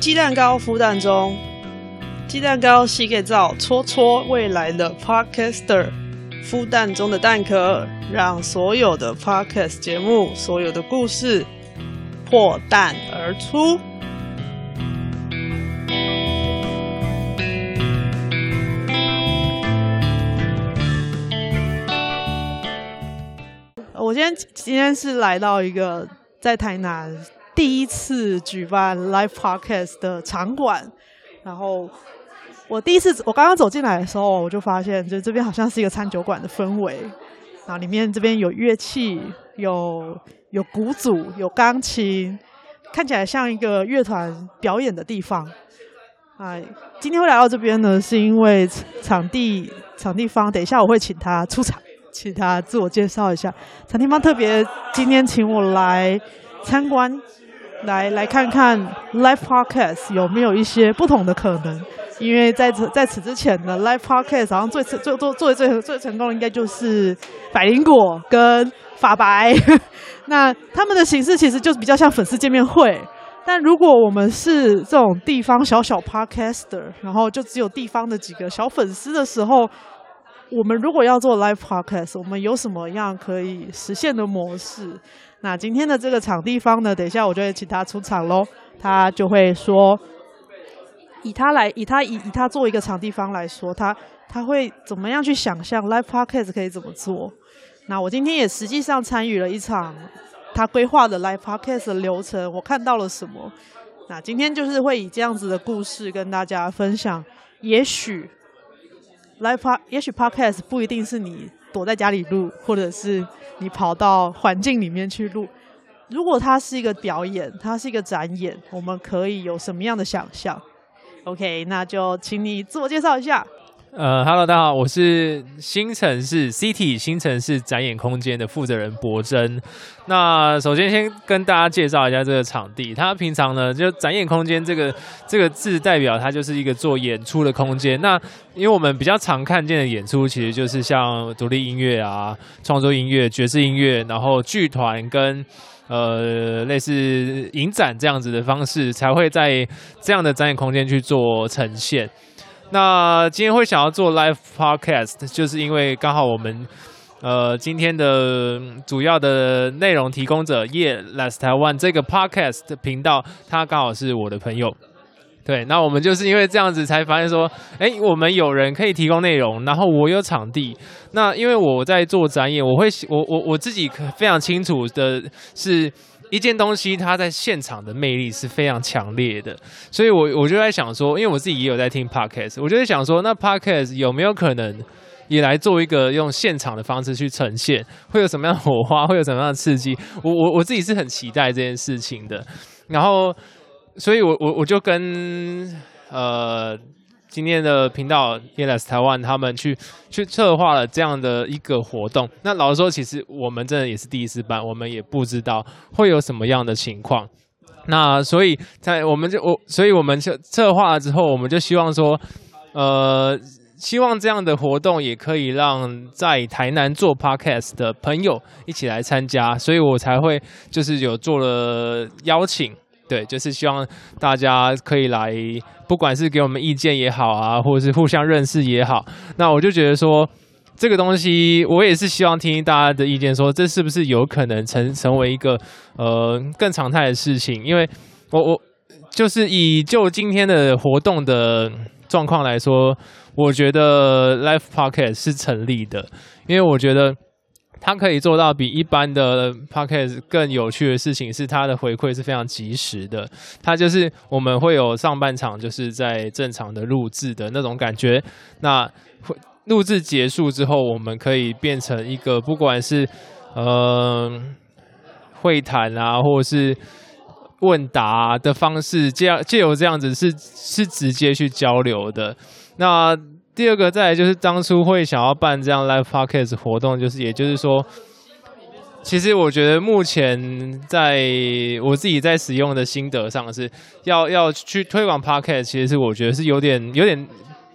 雞蛋糕孵蛋中，雞蛋糕洗個澡，搓搓未來的 podcaster，孵蛋中的蛋殼，讓所有的 podcast 節目、所有的故事破蛋而出。嗯。我今天今天是來到一個在台南，第一次舉辦 Live Podcast 的場館，然後我第一次我剛剛走進來的時候，我就發現，就這邊好像是一個餐酒館的氛圍，然後裡面這邊有樂器，有有鼓組，有鋼琴，看起來像一個樂團表演的地方。啊、哎，今天會來到這邊呢，是因為場地場地方，等一下我會請他出場，請他自我介紹一下。場地方特別今天請我來參觀。來，來看看 Live Podcast 有沒有一些不同的可能？因為在在此之前呢，Live Podcast，好像最成、最最、最最最成功的，應該就是百靈果跟法白。 那他們的形式其實就比較像粉絲見面會。但如果我們是這種地方小小 Podcaster，然後就只有地方的幾個小粉絲的時候，我們如果要做 Live Podcast，我們有什麼樣可以實現的模式？那今天的這個場地方呢，等一下，我就會請他出場嘍。他就會說，以他來，以他以以他作為一個場地方來說，他他會怎麼樣去想象 Live Podcast 可以怎麼做。那我今天也實際上參與了一場他規劃的 Live Podcast 的流程，我看到了什麼？那今天就是會以這樣子的故事跟大家分享。也許 Live Park，也許 Podcast 不一定是你。躲在家裡錄，或者是你跑到環境裡面去錄。如果它是一個表演，它是一個展演，我們可以有什麼樣的想象？OK，那就請你自我介紹一下。呃哈嘍，Hello, 大家好，我是新城視 Seety 新城視展演空間的負責人伯錚。那首先先跟大家介紹一下這個場地。它平常呢，就展演空間，這個這個字代表它就是一個做演出的空間。那因為我們比較常看見的演出，其實就是像獨立音樂啊、創作音樂、爵士音樂，然後劇團跟呃類似影展這樣子的方式，才會在這樣的展演空間去做呈現。那今天會想要做 Live Podcast，就是因為剛好我們，呃，今天的主要的內容提供者，耶，Last Taiwan 這個 podcast 頻道，他剛好是我的朋友，對，那我們就是因為這樣子才發現說，欸，我們有人可以提供內容，然後我有場地，那因為我在做展演，我會，我我我自己非常清楚的是。一件東西，它在現場的魅力是非常強烈的，所以我，我我就在想說，因為我自己也有在聽 Podcast，我就在想說，那 Podcast 有沒有可能也來做一個用現場的方式去呈現，會有什麼樣的火花，會有什麼樣的刺激？我我我自己是很期待這件事情的，然後，所以我我我就跟呃。今天的頻道，原來 s 台灣，他們去去策劃了這樣的一個活動。那老實說，其實我們真的也是第一次辦，我們也不知道會有什麼樣的情況。那所以在我們就我，所以我們就策劃了之後，我們就希望說，呃，希望這樣的活動也可以讓在台南做 podcast 的朋友一起來參加。所以我才會就是有做了邀請。對，就是希望大家可以來，不管是給我們意見也好啊，或者是互相認識也好。那我就覺得說，這個東西我也是希望聽，聽大家的意見說，說這是不是有可能成成為一個呃更常態的事情？因為我，我我就是以就今天的活動的狀況來說，我覺得 Live Podcast 是成立的，因為我覺得。它可以做到比一般的 podcast 更有趣的事情，是它的回饋是非常及時的。它就是我們會有上半場，就是在正常的錄製的那種感覺。那錄製結束之後，我們可以變成一個，不管是呃會談啊，或者是問答啊的方式，這樣借由這樣子是是直接去交流的。那第二個，再就是當初會想要辦這樣 Live Podcast 活動，就是也就是說，其實我覺得目前在我自己在使用的心得上，是要要去推廣 podcast，其實是我覺得是有點有點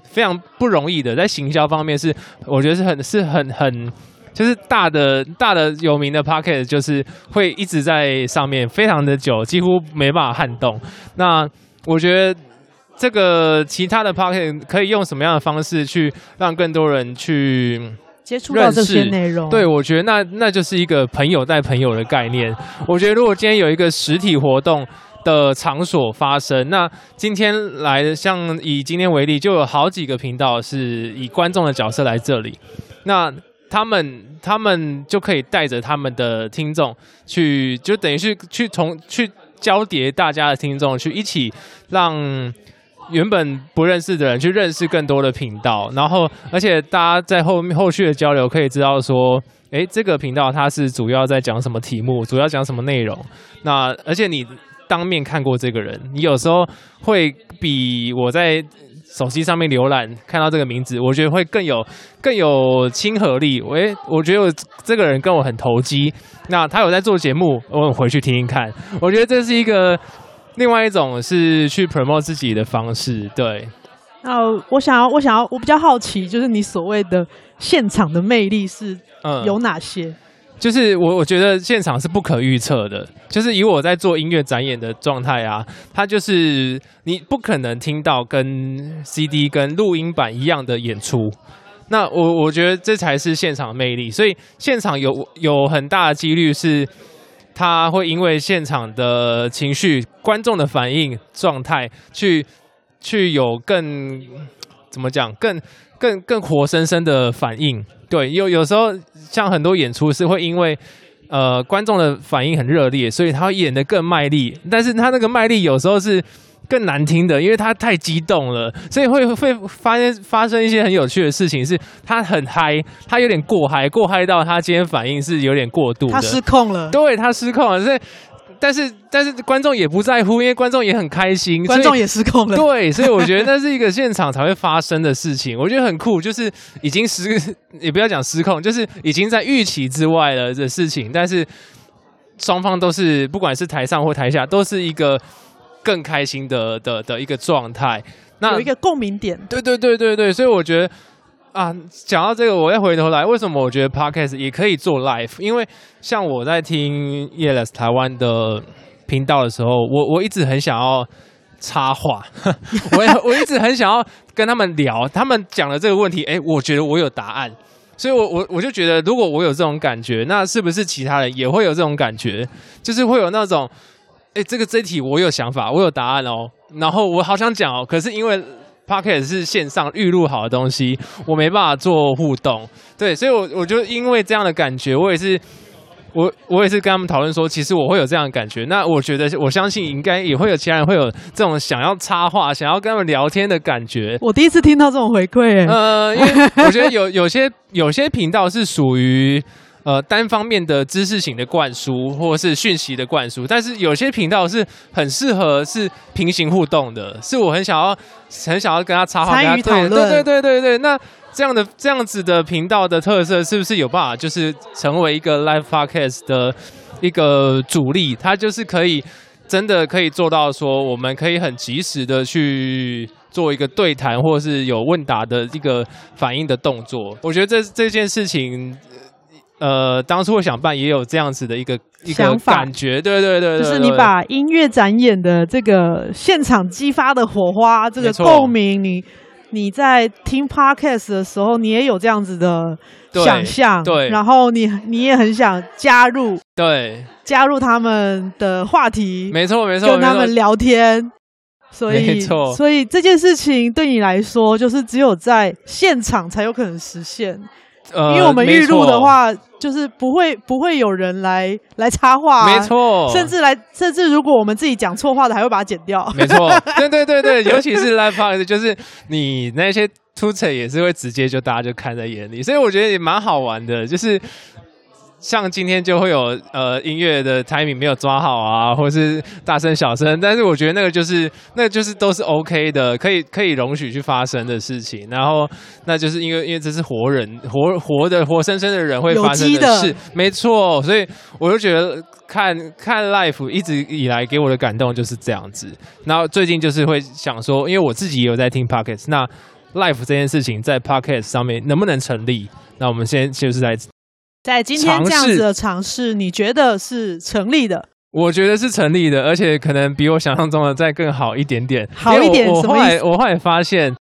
非常不容易的，在行銷方面是，我覺得是很是很很，就是大的大的有名的 podcast 就是會一直在上面非常的久，幾乎沒辦法撼動。那我覺得。這個其他的 Podcast 可以用什麼樣的方式去讓更多人去認識接觸到這些內容？對，我覺得那、那就是一個朋友帶朋友的概念。我覺得如果今天有一個實體活動的場所發生，那今天來像以今天為例，就有好幾個頻道是以觀眾的角色來這裡，那他們他們就可以帶着他們的聽眾去，就等於是去從去，去交疊大家的聽眾去一起讓。原本不認識的人去認識更多的頻道，然後而且大家在後面後續的交流可以知道說，誒、欸，這個頻道它是主要在講什麼題目，主要講什麼內容。那而且你當面看過這個人，你有時候會比我在手機上面瀏覽看到這個名字，我覺得會更有更有親和力。誒、欸，我覺得這個人跟我很投機。那他有在做節目，我回去聽聽看。我覺得這是一個。 另外一種是去 promote 自己的方式，對。那、uh, 我想要，我想要，我比較好奇，就是你所謂的現場的魅力是，呃有哪些？嗯、就是我我覺得現場是不可預測的，就是以我在做音樂展演的狀態啊，它就是你不可能聽到跟 CD、跟錄音版一樣的演出。那我我覺得這才是現場的魅力，所以現場有有很大的幾率是。他會因為現場的情緒、觀眾的反應狀態，去去有更怎麼講？更更更活生生的反應。對，有有時候像很多演出是會因為呃觀眾的反應很熱烈，所以他演得更賣力。但是他那個賣力有時候是。更難聽的，因為他太激動了，所以會會發現發生一些很有趣的事情。是他很嗨，他有點過嗨，過嗨到他今天反應是有點過度的。他失控了。對，他失控了。所以，但是但是觀眾也不在乎，因為觀眾也很開心。觀眾也失控了。對，所以我覺得那是一個現場才會發生的事情。 我覺得很酷，就是已經失，也不要講失控，就是已經在預期之外了的事情。但是雙方都是，不管是台上或台下，都是一個。更開心的的的一個狀態，那有一個共鳴點。對對對對對，所以我覺得啊，講到這個，我要回頭來，為什麼我覺得 Podcast 也可以做 Live？因為像我在聽 Yeless 台灣的頻道的時候，我我一直很想要插話， 我我一直很想要跟他們聊，他們講的這個問題，誒、欸，我覺得我有答案，所以我，我我我就覺得，如果我有這種感覺，那是不是其他人也會有這種感覺？就是會有那種。哎、欸，這個這一題我有想法，我有答案哦，然後我好想講哦，可是因為 podcast 是線上預錄好的東西，我沒辦法做互動。對，所以我，我我就因為這樣的感覺，我也是，我我也是跟他們討論說，其實我會有這樣的感覺。那我覺得，我相信應該也會有其他人會有這種想要插話、想要跟他們聊天的感覺。我第一次聽到這種回饋、欸，呃，因為我覺得有有些有些頻道是屬於。呃，單方面的知識型的灌輸，或是訊息的灌輸，但是有些頻道是很適合是平行互動的，是我很想要很想要跟他插話、跟他討論。對對對對對，那這樣的這樣子的頻道的特色，是不是有辦法就是成為一個 live podcast 的一個主力？它就是可以真的可以做到說，我們可以很及時的去做一個對談，或是有問答的一個反應的動作。我覺得這這件事情。呃，當初我想辦，也有這樣子的一個一個想法感覺，對對對，對，就是你把音樂展演的這個現場激發的火花，這個共鳴，你你在聽 Podcast 的時候，你也有這樣子的想象，對，對，然後你你也很想加入，對，加入他們的話題，沒錯沒錯，跟他們聊天，沒錯，所以，沒錯，所以這件事情對你來說，就是只有在現場才有可能實現。呃、因為我們預錄的話，就是不會不會有人來來插話。啊，沒錯，甚至來甚至如果我們自己講錯話的，還會把它剪掉，沒錯，對對對對， 尤其是 Live Podcast， 就是你那些凸槌也是會直接就大家就看在眼裡，所以我覺得也蠻好玩的，就是。像今天就會有呃音樂的 timing 沒有抓好啊，或是大聲小聲，但是我覺得那個就是，那就是都是 OK 的，可以可以容許去發生的事情。然後那就是因為因為這是活人活活的活生生的人會發生的事，有機的沒錯。所以我就覺得看看 Live 一直以來給我的感動就是這樣子。然後最近就是會想說，因為我自己也有在聽 Podcast，那 Live 這件事情在 Podcast 上面能不能成立？那我們先，先就是在。在今天這樣子的嘗試，你覺得是成立的？我覺得是成立的，而且可能比我想象中的再更好一點點。好一點，我會我會發現，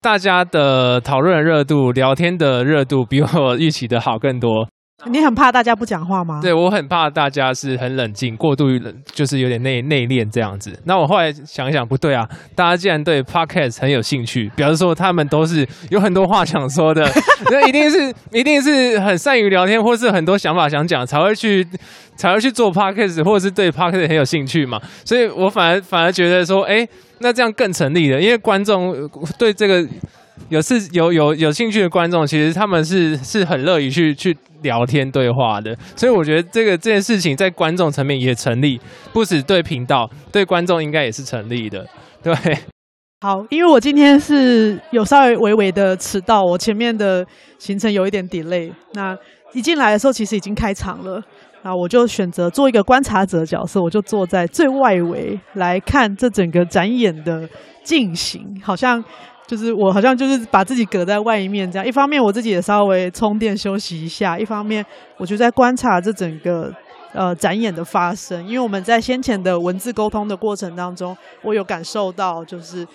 大家的討論熱度、聊天的熱度，比我預期的好更多。你很怕大家不講話嗎？對，我很怕大家是很冷靜，過度於冷，就是有點內內斂這樣子。那我後來想想，不對啊，大家既然對 Podcast 很有興趣，表示說他們都是有很多話想說的， 那一定是一定是很善於聊天，或是很多想法想講，才會去才會去做 Podcast，或者是對 Podcast 很有興趣嘛。所以我反而反而覺得說，哎、欸，那這樣更成立了，因為觀眾對這個。有是，有有有興趣的觀眾，其實他們是是很樂意去去聊天對話的，所以我覺得這個這件事情在觀眾層面也成立，不止對頻道，對觀眾應該也是成立的，對。好，因為我今天是有稍微微微的遲到，我前面的行程有一點 delay，那一進來的時候其實已經開場了，那我就選擇做一個觀察者角色，我就坐在最外圍來看這整個展演的進行，好像。就是我好像，就是把自己隔在外面，這樣，一方面我自己也稍微充電休息一下，一方面我就在觀察這整個呃展演的發生。因為我們在先前的文字溝通的過程當中，我有感受到，就是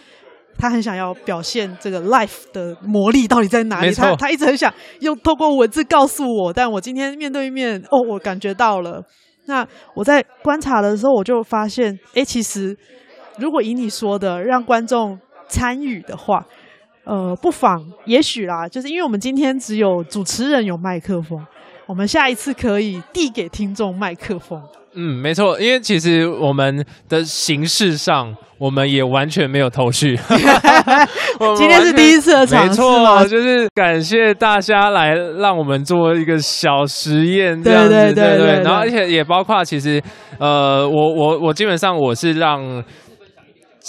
他很想要表現這個 life 的魔力到底在哪裡。沒錯。他他一直很想用透過文字告訴我，但我今天面對面，哦，我感覺到了。那我在觀察的時候，我就發現，誒、欸，其實如果以你說的讓觀眾。參與的話，呃，不妨也許啦，就是因為我們今天只有主持人有麥克風，我們下一次可以遞給聽眾麥克風。嗯，沒錯，因為其實我們的形式上，我們也完全沒有頭緒。 今天是第一次的場，沒錯，就是感謝大家來讓我們做一個小實驗，這樣子，對對，對，對，對，對，對，對，對。然後，而且也包括，其實，呃，我我我基本上我是讓。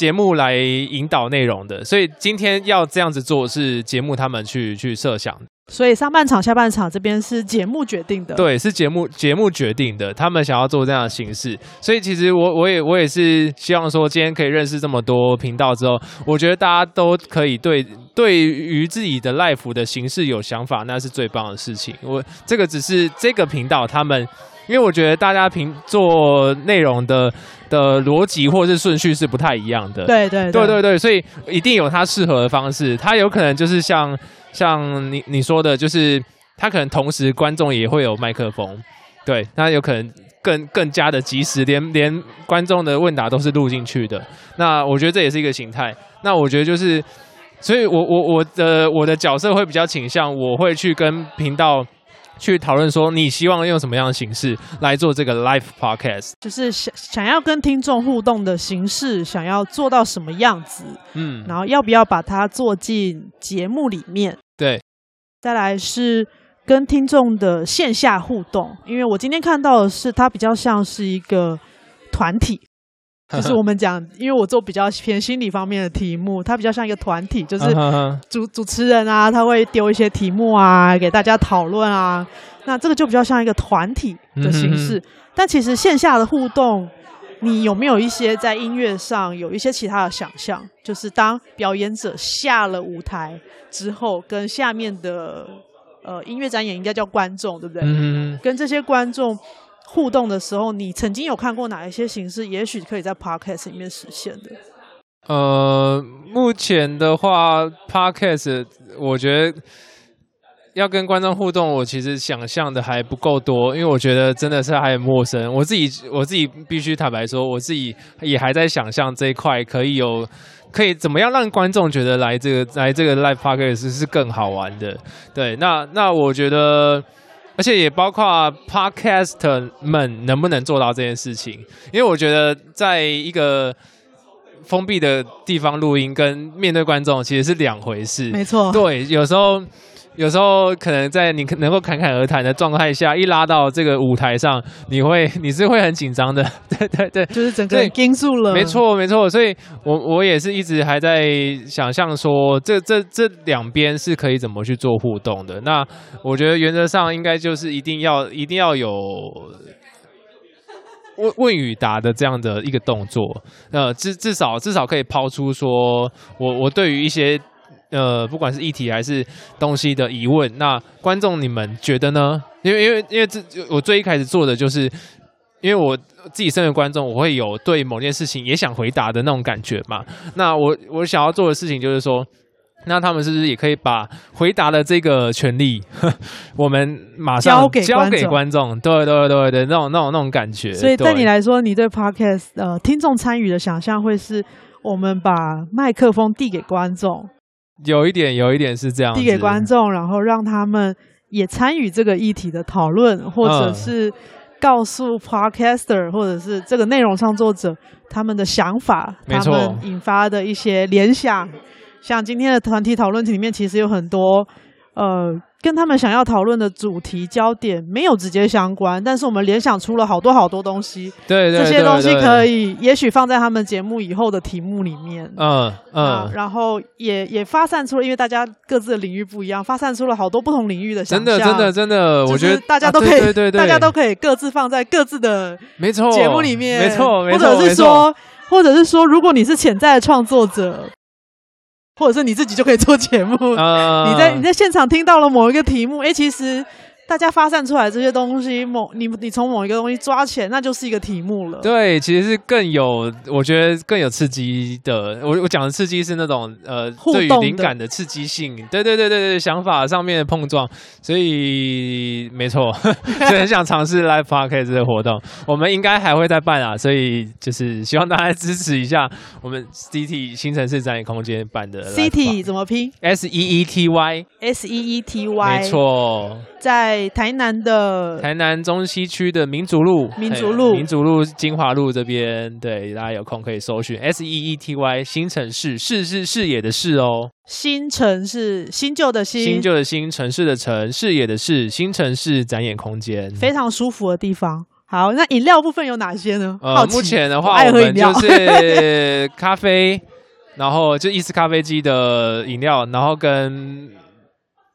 節目來引導內容的，所以今天要這樣子做是節目他們去去設想。所以上半場、下半場這邊是節目決定的，對，是節目節目決定的，他們想要做這樣的形式。所以其實我我也我也是希望說，今天可以認識這麼多頻道之後，我覺得大家都可以對對於自己的 Live 的形式有想法，那是最棒的事情。我這個只是這個頻道他們。因為我覺得大家平做內容的的邏輯或是順序是不太一樣的，對對對對，對對，所以一定有它適合的方式。它有可能就是像像你你說的，就是它可能同時觀眾也會有麥克風，對，它有可能更更加的及時，連連觀眾的問答都是錄進去的。那我覺得這也是一個形態。那我覺得就是，所以我我我的我的角色會比較傾向，我會去跟頻道。去討論說，你希望用什麼樣的形式來做這個 Live Podcast，就是想想要跟聽眾互動的形式，想要做到什麼樣子，嗯，然後要不要把它做進節目裡面？對，再來是跟聽眾的線下互動，因為我今天看到的是它比較像是一個團體。 就是我們講，因為我做比較偏心理方面的題目，它比較像一個團體，就是主 主持人啊，他會丟一些題目啊給大家討論啊。那這個就比較像一個團體的形式。嗯哼哼。但其實線下的互動，你有沒有一些在音樂上有一些其他的想象？就是當表演者下了舞台之後，跟下面的呃，音樂展演應該叫觀眾對不對？嗯。跟這些觀眾。互動的時候，你曾經有看過哪一些形式？也許可以在 podcast 裡面實現的。呃，目前的話，podcast 我覺得要跟觀眾互動，我其實想象的還不夠多，因為我覺得真的是還很陌生。我自己，我自己必須坦白說，我自己也還在想象這一塊可以有，可以怎麼樣讓觀眾覺得來這個來這個 live podcast 是是更好玩的。對，那那我覺得。而且也包括 Podcaster 們能不能做到這件事情，因為我覺得在一個封閉的地方錄音跟面對觀眾其實是兩回事。沒錯，對，有時候。有時候可能在你可能夠侃侃而談的狀態下，一拉到這個舞台上，你會你是會很緊張的，對對對，就是整個人僵住了。沒錯沒錯，所以我我也是一直還在想象說，這這這兩邊是可以怎麼去做互動的。那我覺得原則上應該就是一定要一定要有問問與答的這樣的一個動作，呃，至至少至少可以拋出說我我對於一些。呃，不管是議題還是東西的疑問，那觀眾你們覺得呢？因為因為因為這我最一開始做的就是，因為我自己身為觀眾，我會有對某件事情也想回答的那種感覺嘛。那我我想要做的事情就是說，那他們是不是也可以把回答的這個權利，呵我們馬上交給觀眾？交給觀眾，對對對對，那種那種那種感覺。所以對你來說，你對 Podcast 呃聽眾參與的想象會是我們把麥克風遞給觀眾。有一點，有一點是這樣。遞給觀眾，然後讓他們也參與這個議題的討論，或者是告訴 Podcaster 或者是這個內容創作者他們的想法，他們引發的一些聯想。像今天的團體討論題裡面，其實有很多。呃，跟他們想要討論的主題焦點沒有直接相關，但是我們聯想出了好多好多東西，對，對，對，對，對，這些東西可以，也許放在他們節目以後的題目裡面，嗯嗯、啊，然後也也發散出了，因為大家各自的領域不一樣，發散出了好多不同領域的想象，真的真的真的，我覺得、就是、大家都可以，啊、對，對對對，大家都可以各自放在各自的沒錯節目裡面沒錯，沒錯，或者是說，或者是說，如果你是潛在的創作者。或者是你自己就可以做節目，哦， 你在你在現場聽到了某一個題目，哎、欸，其實。大家發散出來這些東西，某你你從某一個東西抓起來，那就是一個題目了。對，其實是更有，我覺得更有刺激的。我我講的刺激是那種呃，互動對於靈感的刺激性。對對對對對，想法上面的碰撞。所以沒錯， 所以很想嘗試 live podcast 這個活動。 我們應該還會再辦啊，所以就是希望大家支持一下我們 Seety 新城視展演空間辦的。Seety 怎麼拼？S-E-E-T-Y，s e e t y s e e t y 沒錯，在台南的台南中西區的民族路，民族路、民族路、金華路這邊，對大家有空可以搜尋 S E E T Y 新城市市是視野的視哦，新城市，新舊的新，新舊的新城市的城視野的視，新城市展演空間非常舒服的地方。好，那飲料部分有哪些呢？呃，目前的話愛喝飲料，我們就是咖啡，然後就意式咖啡機的飲料，然後跟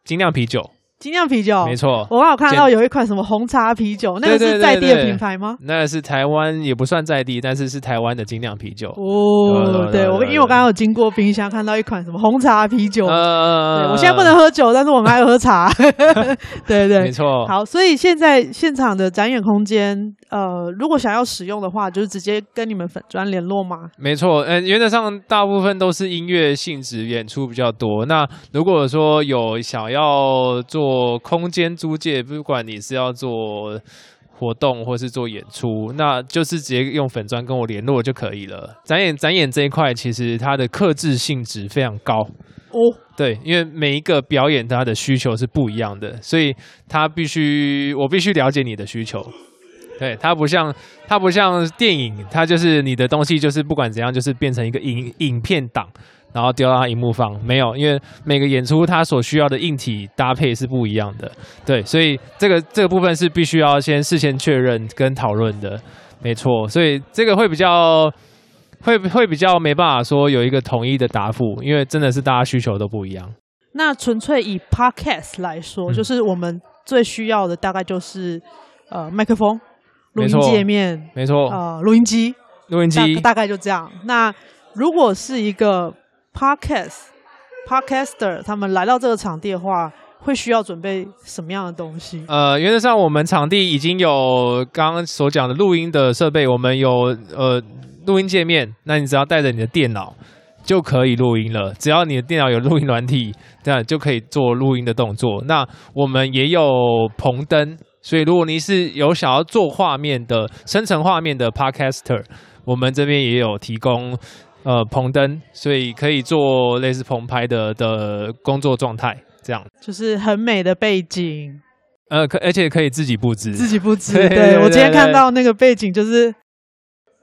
精釀啤酒。精釀啤酒，沒錯。我剛好看到有一款什麼紅茶啤酒，那個是在地的品牌嗎？對對對對，那個是台灣，也不算在地，但是是台灣的精釀啤酒。哦，對，對，對，對，對，對，對，對，我因為我剛剛有經過冰箱，看到一款什麼紅茶啤酒。呃、我現在不能喝酒，呃、但是我很愛喝茶。 對，對對，沒錯。好，所以現在現場的展演空間，呃，如果想要使用的話，就是直接跟你們粉專聯絡嗎？沒錯、嗯，原則上大部分都是音樂性質演出比較多。那如果說有想要做。我空間租借，不管你是要做活動或是做演出，那就是直接用粉專跟我聯絡就可以了。展演展演這一塊，其實它的客製性質非常高哦，對，因為每一個表演它的需求是不一樣的，所以它必須我必須了解你的需求。對，它不像它不像電影，它就是你的東西，就是不管怎樣，就是變成一個影影片檔。然後丟到他熒幕放沒有？因為每個演出它所需要的硬體搭配是不一樣的，對，所以這個這個部分是必須要先事先確認跟討論的，沒錯。所以這個會比較會會比較沒辦法說有一個統一的答覆，因為真的是大家需求都不一樣。那純粹以 Podcast 來說，嗯、就是我們最需要的大概就是呃麥克風、錄音界面，沒錯啊、呃，錄音機、錄音機大，大概就這樣。那如果是一個 Podcast、Podcaster 他們來到這個場地的話，會需要準備什麼樣的東西？呃，原則上我們場地已經有剛剛所講的錄音的設備，我們有呃錄音界面，那你只要帶着你的電腦就可以錄音了。只要你的電腦有錄音軟體，這樣就可以做錄音的動作。那我們也有棚燈，所以如果你是有想要做畫面的、生成畫面的 Podcaster，我們這邊也有提供。呃，棚燈，所以可以做類似棚拍的的工作狀態，這樣就是很美的背景。呃，可而且可以自己布置，自己布置。 對，對，對，對，對。我今天看到那個背景，就是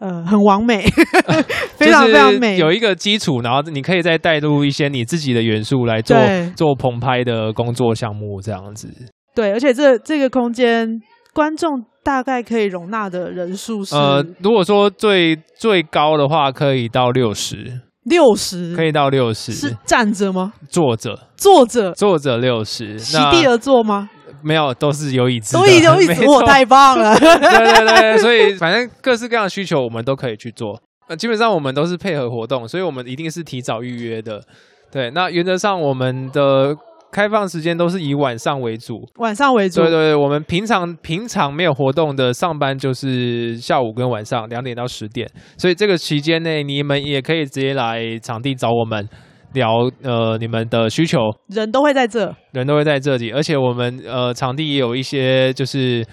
呃很完美， 非常非常美。就是、有一個基礎，然後你可以再帶入一些你自己的元素來做做棚拍的工作項目，這樣子。對，而且這這個空間。觀眾大概可以容納的人數是呃，如果說最最高的話，可以到六十六十，可以到六十，是站着嗎？坐着，坐着，坐着六十，席地而坐嗎？沒有，都是有椅子，所以有椅子。我太棒了， 對對對， 所以反正各式各樣的需求我們都可以去做。那、呃、基本上我們都是配合活動，所以我們一定是提早預約的。對，那原則上我們的。開放時間都是以晚上為主，晚上為主。對對對，我們平常平常沒有活動的上班就是下午跟晚上兩點到十點，所以這個期間內你們也可以直接來場地找我們聊，呃，你們的需求。人都會在這，人都會在這裡，而且我們呃場地也有一些就是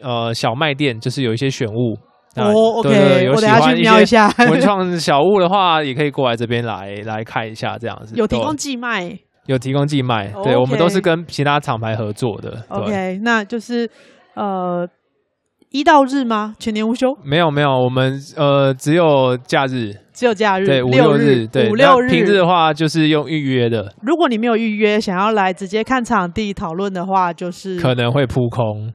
呃小賣店，就是有一些選物。哦，oh，OK，我等下去瞄一下。文創小物的話，也可以過來這邊來 來看一下，這樣子。有提供寄賣。有提供寄賣，對，okay. 我們都是跟其他廠牌合作的。Okay，那就是呃，一到日嗎？全年無休？沒有沒有，我們呃只有假日，只有假日，對，五六日，六日對，五六日，平日的話就是用預約的。如果你沒有預約，想要來直接看場地討論的話，就是可能會撲空。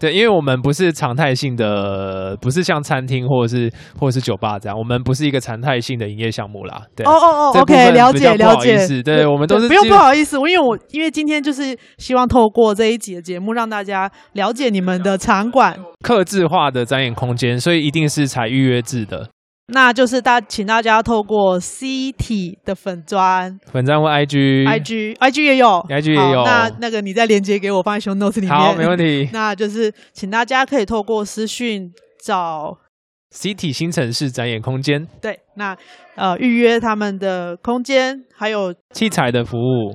對，因為我們不是常態性的，不是像餐廳或者是或者是酒吧這樣，我們不是一個常態性的營業項目啦。對，哦哦哦，OK，了解了解。不好意思，對，對我們都是不用不好意思，因為我因為今天就是希望透過這一集的節目，讓大家了解你們的場館，客製化的展演空間，所以一定是採預約制的。那就是大，請大家透過 Seety 的粉專、粉專或 I G、I G、I G 也有，I G 也有，也有那那個你再連接給我，放在 show notes 裡面。好，沒問題。 那就是，請大家可以透過私訊找 Seety 新城視展演空間。對，那呃，預約他們的空間，還有器材的服務。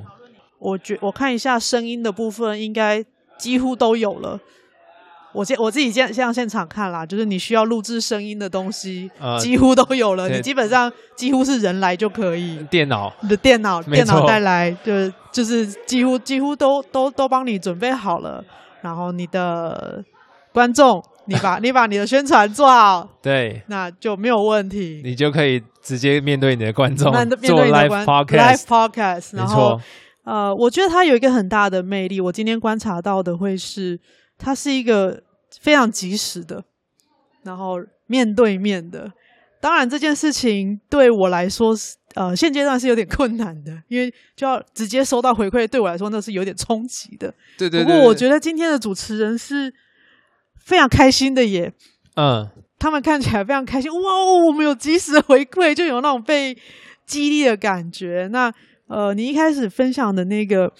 我覺我看一下聲音的部分，應該幾乎都有了。我先我自己先上現場看啦，就是你需要錄製聲音的東西，呃，幾乎都有了。你基本上幾乎是人來就可以，電腦你的電腦電腦帶來，就是就是幾乎幾乎都都都幫你準備好了。然後你的觀眾，你把 你把你的宣傳做好，對，那就沒有問題，你就可以直接面對你的觀眾做 Live Podcast, Live Podcast，然後呃，我覺得它有一個很大的魅力，我今天觀察到的會是。它是一個非常及時的，然後面對面的。當然，這件事情對我來說是呃現階段是有點困難的，因為就要直接收到回饋，對我來說那是有點衝擊的。對對對對。不過我覺得今天的主持人是非常開心的耶，嗯，他們看起來非常開心。哇哦，我們有即時回饋，就有那種被激勵的感覺。那呃，你一開始分享的那個。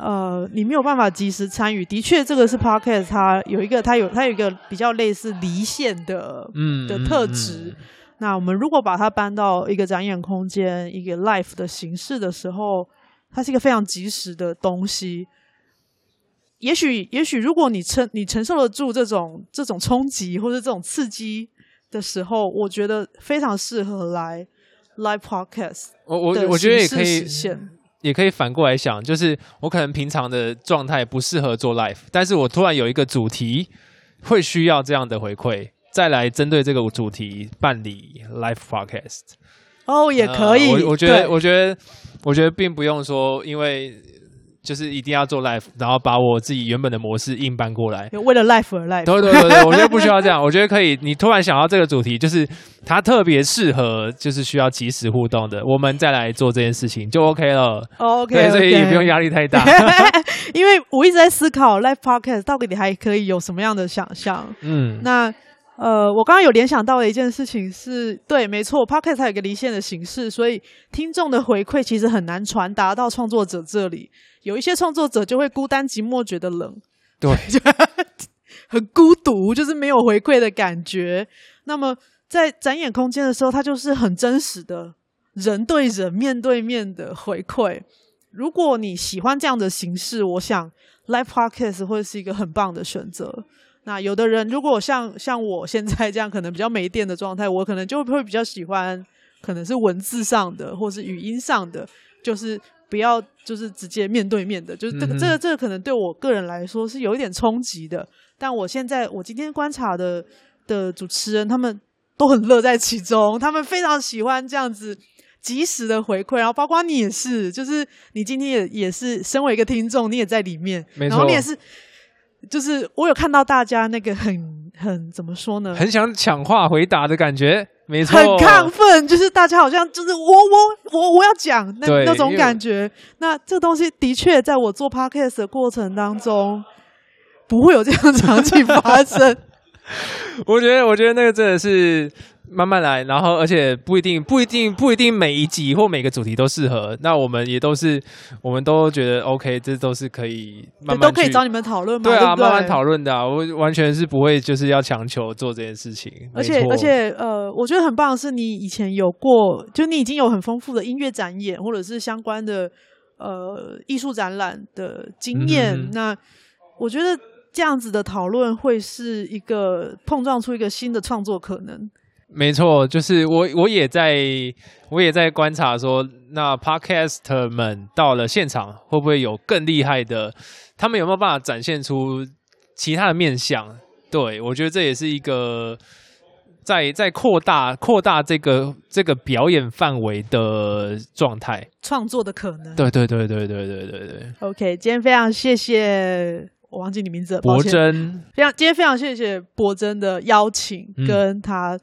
呃，你沒有辦法即時參與。的確，這個是 podcast，它有一個，它有，它有一個比較類似離線的，的嗯，的特質。那我們如果把它搬到一個展演空間，一個 live 的形式的時候，它是一個非常即時的東西。也許，也許，如果你承你承受得住這種這種衝擊或者這種刺激的時候，我覺得非常適合來 live podcast。我我我覺得也可以。也可以反過來想，就是我可能平常的狀態不適合做 live，但是我突然有一個主題會需要這樣的回饋，再來針對這個主題辦理 live podcast。哦，也可以，呃、我，我覺得，我覺得，我覺得並不用說，因為。就是一定要做 live 然後把我自己原本的模式硬搬過來，為了 live 而 live。對對對對，我覺得不需要這樣， 我覺得可以。你突然想到這個主題，就是它特別適合，就是需要即時互動的，我們再來做這件事情就 OK 了。Oh, OK，所以也不用壓力太大。Okay. 因為我一直在思考 live podcast，到底你還可以有什麼樣的想象？嗯，那。呃，我剛剛有聯想到的一件事情是，是對，沒錯，Podcast 還有一個離線的形式，所以聽眾的回饋其實很難傳達到創作者這裡。有一些創作者就會孤單寂寞，覺得冷，對， 很孤獨，就是沒有回饋的感覺。那麼在展演空間的時候，他就是很真實的人對人面對面的回饋。如果你喜歡這樣的形式，我想 Live Podcast 會是一個很棒的選擇。啊，有的人如果像、像我現在這樣，可能比較沒電的狀態，我可能就會比較喜歡，可能是文字上的，或是語音上的，就是不要就是直接面對面的，就是這個、嗯、這個這個可能對我個人來說是有一點衝擊的。但我現在我今天觀察的的主持人，他們都很樂在其中，他們非常喜歡這樣子即時的回饋，然後包括你也是，就是你今天也也是身為一個聽眾，你也在裡面，然後你也是。就是我有看到大家那個很很怎麼說呢？很想搶話回答的感覺，沒錯，很亢奮。就是大家好像就是我我我我要講那那種感覺。那這個東西的確，在我做 podcast 的過程當中，不會有這樣的場景發生。 我覺得，我覺得那個真的是。慢慢來，然後而且不一定不一定不一定每一集或每個主題都適合。那我們也都是，我們都覺得 OK，這都是可以慢慢。你都可以找你們討論嘛，對啊，對對慢慢討論的、啊。我完全是不會，就是要強求做這件事情。而且而且呃，我覺得很棒的是，你以前有過，就你已經有很豐富的音樂展演或者是相關的呃藝術展覽的經驗。嗯、那我覺得這樣子的討論會是一個碰撞出一個新的創作可能。沒錯，就是我我也在，我也在觀察說，那 podcaster 們到了現場會不會有更厲害的？他們有沒有辦法展現出其他的面向？對我覺得這也是一個在在擴大擴大這個這個表演範圍的狀態，創作的可能。對對對對對對對對。OK，今天非常謝謝我忘記你名字了，伯錚。非常今天非常謝謝伯錚的邀請，跟他、嗯。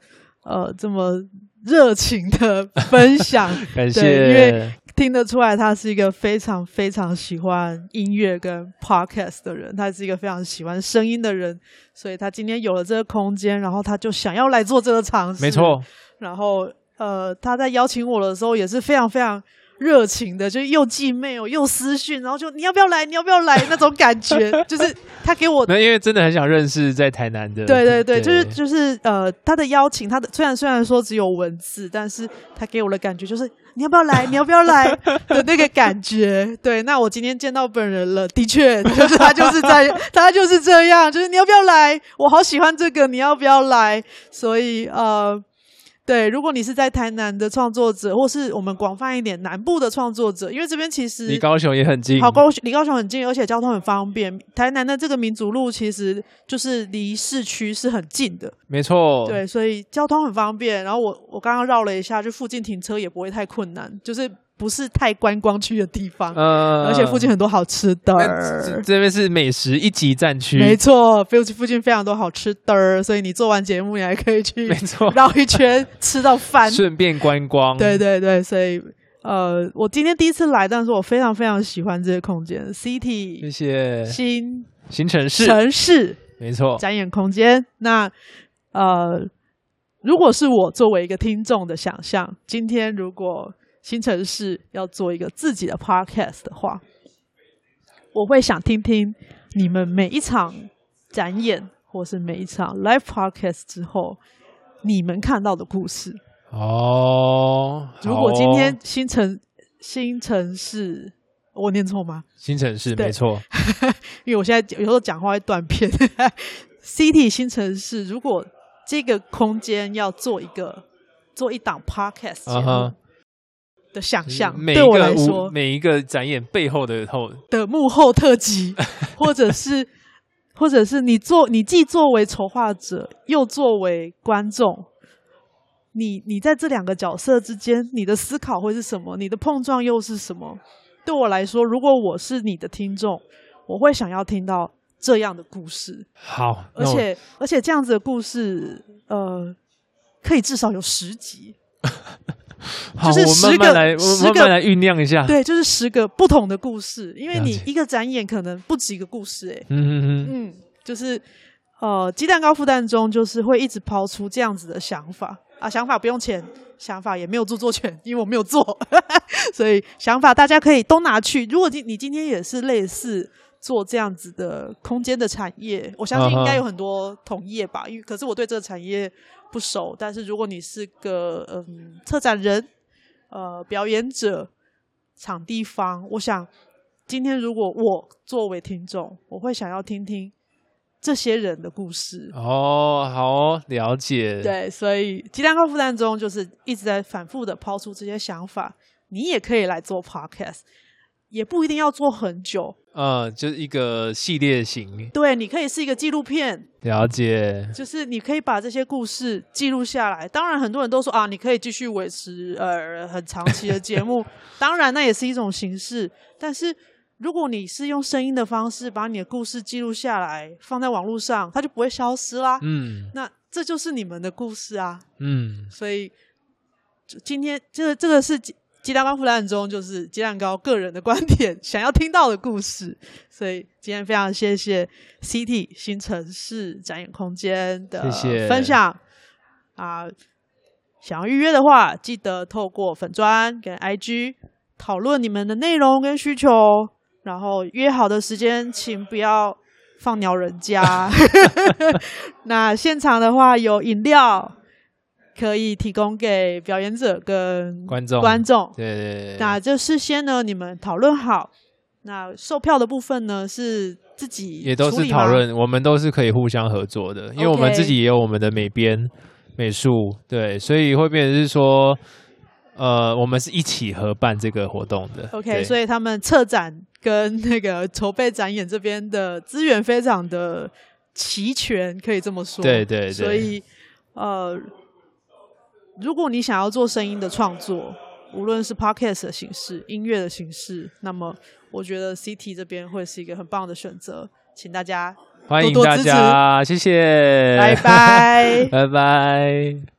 呃，這麼熱情的分享的， 感謝，因為聽得出來他是一個非常非常喜歡音樂跟 podcast 的人，他是一個非常喜歡聲音的人，所以他今天有了這個空間，然後他就想要來做這個嘗試，沒錯。然後，呃，他在邀請我的時候也是非常非常熱情的，就又寄 mail 又私訊，然後就你要不要來，你要不要來那種感覺， 就是他給我，那因為真的很想認識在台南的，對對對，對就是就是呃，他的邀請，他的雖然雖然說只有文字，但是他給我的感覺就是你要不要來，你要不要來 的那個感覺，對，那我今天見到本人了，的確就是他就是在 他就是這樣，就是你要不要來，我好喜歡這個，你要不要來，所以呃。對，如果你是在台南的創作者，或是我們廣泛一點南部的創作者，因為這邊其實離高雄也很近，好，高雄離高雄很近，而且交通很方便。台南的這個民族路其實就是離市區是很近的，沒錯。對，所以交通很方便，然後我我剛剛繞了一下，就附近停車也不會太困難，就是。不是太觀光區的地方，嗯、呃，而且附近很多好吃的、呃這。這邊是美食一級戰區，沒錯，附附近非常多好吃的，所以你做完節目，你還可以去，沒錯，繞一圈吃到飯，順 便觀光。對對對，所以呃，我今天第一次來，但是我非常非常喜歡這個空間，Seety，謝謝，新新城視城視，沒錯，展演空間。那呃，如果是我作為一個聽眾的想象，今天如果。新城市要做一個自己的 podcast 的話，我會想聽聽你們每一場展演或是每一場 live podcast 之後你們看到的故事哦。如果今天新城、哦、新城視，我念錯嗎？新城視沒錯， 因為我現在有時候講話會斷片。 Seety 新城視，如果這個空間要做一個做一檔 podcast，想象對我來說，每一個展演背後的後的幕後特輯， 或者是或者是你作，你既作為籌劃者，又作為觀眾，你你在這兩個角色之間，你的思考會是什麼？你的碰撞又是什麼？對我來說，如果我是你的聽眾，我會想要聽到這樣的故事。好，而且而且這樣子的故事，呃，可以至少有十集。 就是、十好，我們個來，十個慢慢來醞釀一下。對，就是十個不同的故事，因為你一個展演可能不止一個故事，欸，誒，嗯嗯嗯，就是呃，雞蛋糕孵蛋中，就是會一直拋出這樣子的想法啊，想法不用錢，想法也沒有著作權，因為我沒有做呵呵，所以想法大家可以都拿去。如果今你今天也是類似做這樣子的空間的產業，我相信應該有很多同業吧，啊、因為可是我對這個產業，不熟，但是如果你是個嗯策展人，呃表演者，場地方，我想今天如果我作為聽眾，我會想要聽聽這些人的故事。哦，好哦，了解。對，所以雞蛋糕負擔中就是一直在反復的拋出這些想法，你也可以來做 podcast，也不一定要做很久。嗯，就是一個系列型。對，你可以是一個紀錄片。了解。就是你可以把這些故事記錄下來。當然，很多人都說啊，你可以繼續維持呃很長期的節目。 當然，那也是一種形式。但是，如果你是用聲音的方式把你的故事記錄下來，放在網絡上，它就不會消失啦。嗯。那這就是你們的故事啊。嗯。所以，就今天這個這個是。雞蛋糕破爛中，就是雞蛋糕個人的觀點，想要聽到的故事。所以今天非常謝謝 Seety 新城視展演空間的分享，謝謝。啊，想要預約的話，記得透過粉專跟 IG 討論你們的內容跟需求，然後約好的時間請不要放鳥人家。 那現場的話有飲料。可以提供給表演者跟觀眾觀眾，對對對。那就事先呢，你們討論好。那售票的部分呢，是自己也都是討論，我們都是可以互相合作的，因為我們自己也有我們的美編、美術，對，所以會變成是說，呃，我們是一起合辦這個活動的。OK，所以他們策展跟那個籌備展演這邊的資源非常的齊全，可以這麼說。對對對，所以呃。如果你想要做聲音的創作，無論是 podcast 的形式、音樂的形式，那麼我覺得 Seety 這邊會是一個很棒的選擇。請大家多多支持。歡迎大家，謝謝，拜拜， 拜拜。